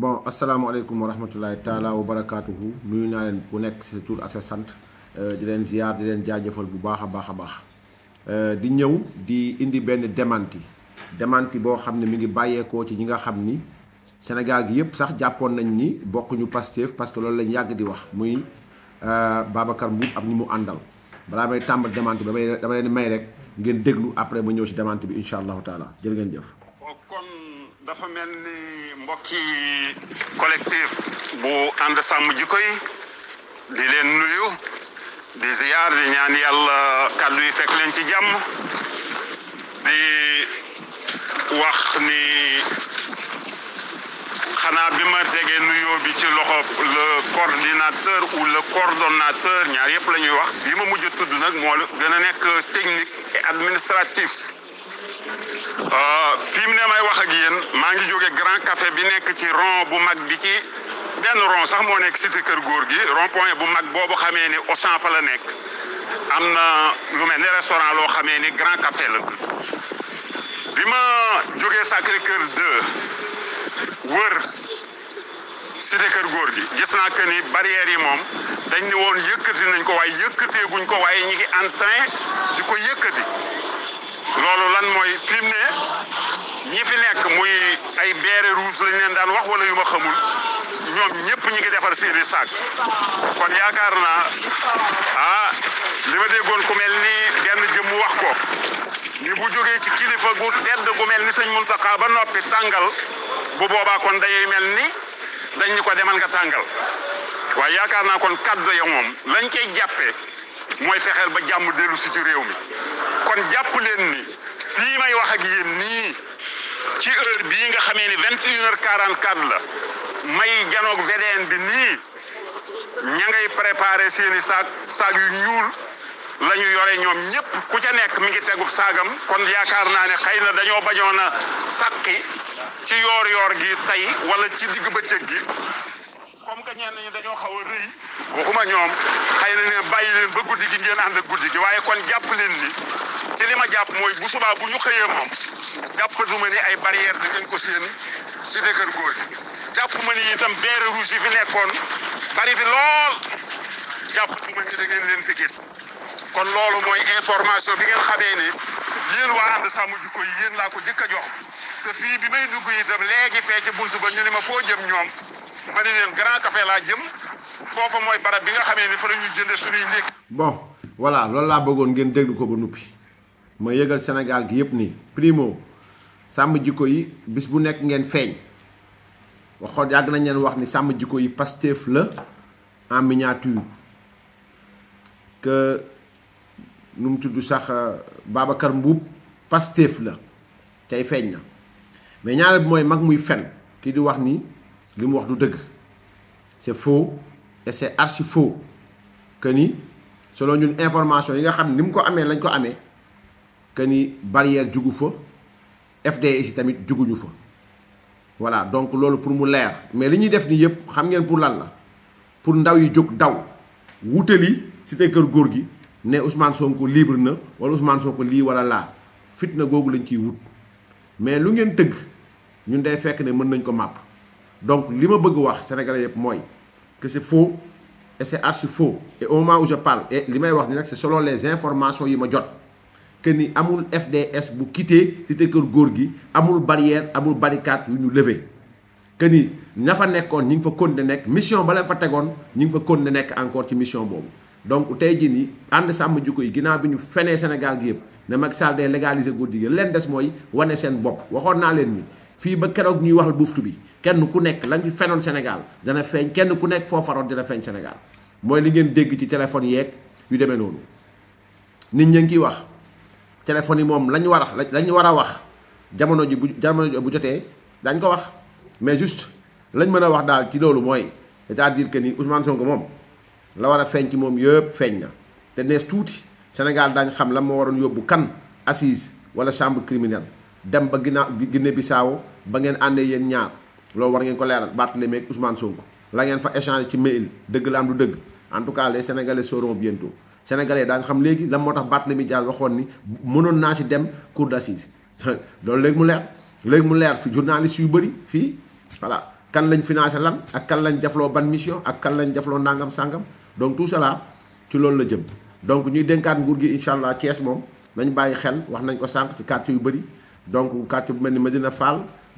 bon asalaamaaleykum wa rahmatulahi taala wa barakaatuhu nuyu naa leen ku nekk sa tur ak sa sant euh, di leen ziar di leen jaajëfal bu baax a baax a baax euh, di ñëw di indi benn démenti démenti boo xam ne mi ngi bàyyeekoo ci ñi nga xam ni Sénégal gi yëpp sax jàppoon nañ ni bokkuñu Pastef parce que loolu lañu yàgg di wax muy euh, Babacar Mboup ak ñi mu àndal balaa may tàmbal démenti ba damay damay leen may rek ngeen déglu après ma ñëw si démenti bi incha allahu taala jërë dafa mel ni mbokki collectif bu ànd sàmm jikko yi di leen nuyu di ziyaar di ñaan yàlla kàddu yi fekk leen ci jàmm di wax ni xanaa bi ma tegee nuyoo bi ci loxo le coordinateur ou le coordonnateur ñaar yëpp la ñuy wax bi ma mujj tudd nag moo gën a nekk technique et administratif Euh, fi mu ne may wax ak yéen maa ngi jóge grand café bi nekk ci ron bu mag bi ci benn ron sax moo nekk cité kër góor gi rond point bu mag boobu xamee ni Auchan fa la nekk am na lu mel ni restaurant loo xamee ni grand café la bi ma jógee Sacré kër 2 wër cité kër góor gi gis naa que ni barrières yi moom dañ ni woon yëkkati nañ ko waaye yëkkatee guñ ko waaye ñi ngi en di ko yëkkati. loolu lan mooy fi ne ñi fi nekk muy ay beere rouge lañ leen daan wax wala yu ma xamul ñoom ñëpp ñu ngi defar seeni saag kon yaakaar naa ah li ma déggoon ku mel ni benn jëmm wax ko ni bu jógee ci kilifa gu tedd gu mel ni sëñ Muntaxa ba noppi tàngal bu boobaa kon dañuy mel ni dañ ñu ko demal nga tàngal waaye yaakaar naa kon kàddu ya moom lañ koy jàppe mooy fexeel ba jàmm dellu si ci réew mi kon jàpp leen ni fii may wax ak yéen nii ci heure bii nga xamee ni vingt et une heure quarante quatre la may janoog VDN bi nii ña ngay préparé seeni saag saag yu ñuul la yore ñoom ñëpp ku ca nekk mi ngi tegub saagam kon yaakaar naa ne xëy na dañoo bañoon a sàkki ci yoor yoor gi tey walla ci digg bëccëg gi que ñenn ñi dañoo xaw a rëy waxuma ñoom xëy na ne bàyyi leen ba guddi gi ngeen ànd ak guddi gi waaye kon jàpp leen ni ci li ma jàpp mooy bu subaa bu ñu xëyee moom jàppatuma ni ay barrière da ngeen ko seen cité kër góor jàpp ma ni itam beere rouge yi fi nekkoon bari fi lool jàppatuma ni da leen fi gis kon loolu mooy information bi ngeen xamee ni yéen waa ànd sàmm jikko yi yéen laa ko jëkk a jox te fii bi may dugg itam léegi fee ci bunt ba ñu ni ma foo jëm ñoom dafa ne leen grand café laa jëm foofa mooy barab bi nga xamee ni fa la ñuy jënde suñuy bon voilà loolu laa bëggoon ngeen déglu ko ba nuppi ma yëgal Sénégal gi yëpp nii primo sàmm jikko yi bis bu nekk ngeen feeñ waxoon yàgg nañ leen wax ni sàmm jikko yi Pastef la en miniature que nu mu tudd sax euh, Babacar Mbuub Pastef la tey feeñ na mais ñaareel bi mag muy fen kii di wax ni c'est faux et c'est archi faux que ni selon une information il nga xam ni mu ko amee lañ ko que ni barrière jugu fa FDS si tamit juguñu voilà donc loolu pour mu l'air mais li ñuy def nii yëpp xam ngeen pour lan la pour ndaw yi jóg daw wutali cité kër góor gi ne Ousmane Sonko libre ne wala Ousmane Sonko lii wala laa fitna gogou lañ ci wut mais lu ngeen tëgg ñun day fekk ne mën nañ ko map donc li ma bëgg wax sénégalais yëpp que c'est faux et c'est archi faux et au moment où je parle et li may wax ni nag c'est selon les informations yi ma jot que ni amul FDS bu quitté cité keur góor gi amul barrière amul barricade yu ñu lever que ni ñafa fa ñing fa continuer nek mission bala fa tegoon ñing fa continuer nek encore ci mission boobu donc tey jii nii ànd sàmm jikko yi ginaa bi ñu fenee Sénégal gi yëpp né Macky Sall dé légaliser góor jigéen leen des moy wane sen bopp waxon na leen ni fi ba kérok ñuy waxal buftu bi kenn ku nekk la ñu fenoon Sénégal dana feeñ kenn ku nekk foo faroon dina feeñ Sénégal mooy li ngeen dégg ci téléphone yeeg yu demee noonu nit ñi ngi wax téléphone yi moom lañ war a lañ war a wax jamono ji bu jamono bu jotee dañ ko wax mais juste lañ mën a wax daal ci loolu mooy c'est-à-dire que ni Ousmane Sonko moom la war a feeñ ci moom yëpp feeñ na te nees tuuti Sénégal dañ xam la moo waroon yóbbu kan assise wala chambre criminelle dem ba ginnaaw Guinée Bissau ba ngeen àndee yéen ñaar loolu war ngeen ko leeral Barthélémy ak Ousmane Sonko la ngeen fa échanger ci mail dëgg la am du dëgg en tout cas les sénégalais sauront bientôt sénégalais daa nga xam léegi lan moo tax Barthélémy Dias waxoon ni mënoon naa ci dem cour d'assises loolu léegi mu leer léegi mu leer fi journaliste yu bëri fii voilà kan lañ financé lan ak kan lañ defloo ban mission ak kan lañ defloo nangam sangam donc tout cela ci loolu la jëm donc ñuy dénkaat nguur gi incha allah Thiès moom nañ bàyyi xel wax nañ ko sànq ci quartier yu bëri donc quartier bu mel ni ma Medina Fall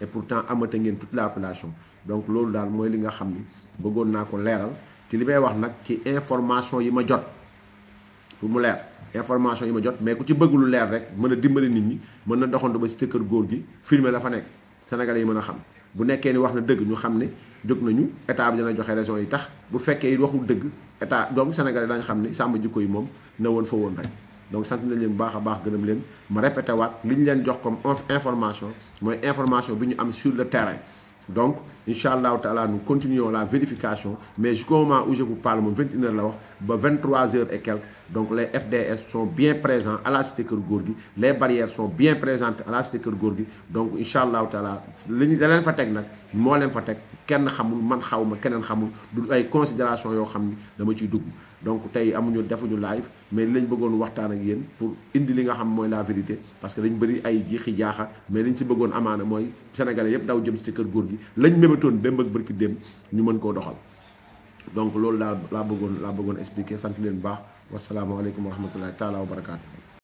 et pourtant amata ngeen toute la population donc loolu daal mooy li nga xam ni bëggoon naa ko leeral ci li may wax nag ci information yi ma jot pour mu leer information yi ma jot mais ku ci bëggulu leer rek mën a dimbali nit ñi mën na doxantu ba si kër góor gi filmer la fa nekk sénégalais yi mën a xam bu nekkee ni wax na dëgg ñu xam ne jóg nañu état bi dana joxe raison yi tax bu fekkee waxul dëgg état donc sénégalais dañ xam ne sàmm jikko yi moom na woon fa woon rek donc sant nañ leen bu baax comme information information sur le terrain donc nous continuons la vérification mais jusqu'au moment où je vous parle 21 23 h et quelques donc les FDS sont bien présents à la cité les barrières sont bien présentes à la cité Keur donc Inch'Allah, taala fa leen fa kenn xamul man xawma xamul du considération dama donc live mais nous voulons waxtaan pour la vérité parce que de bëri ay jiixi que mais liñ si bëggoon amaana les sénégalais yépp daw jëm Keur Gorgui que de donc loolu daal que je expliquer wassalamualaikum warahmatullahi taala wabarakatuh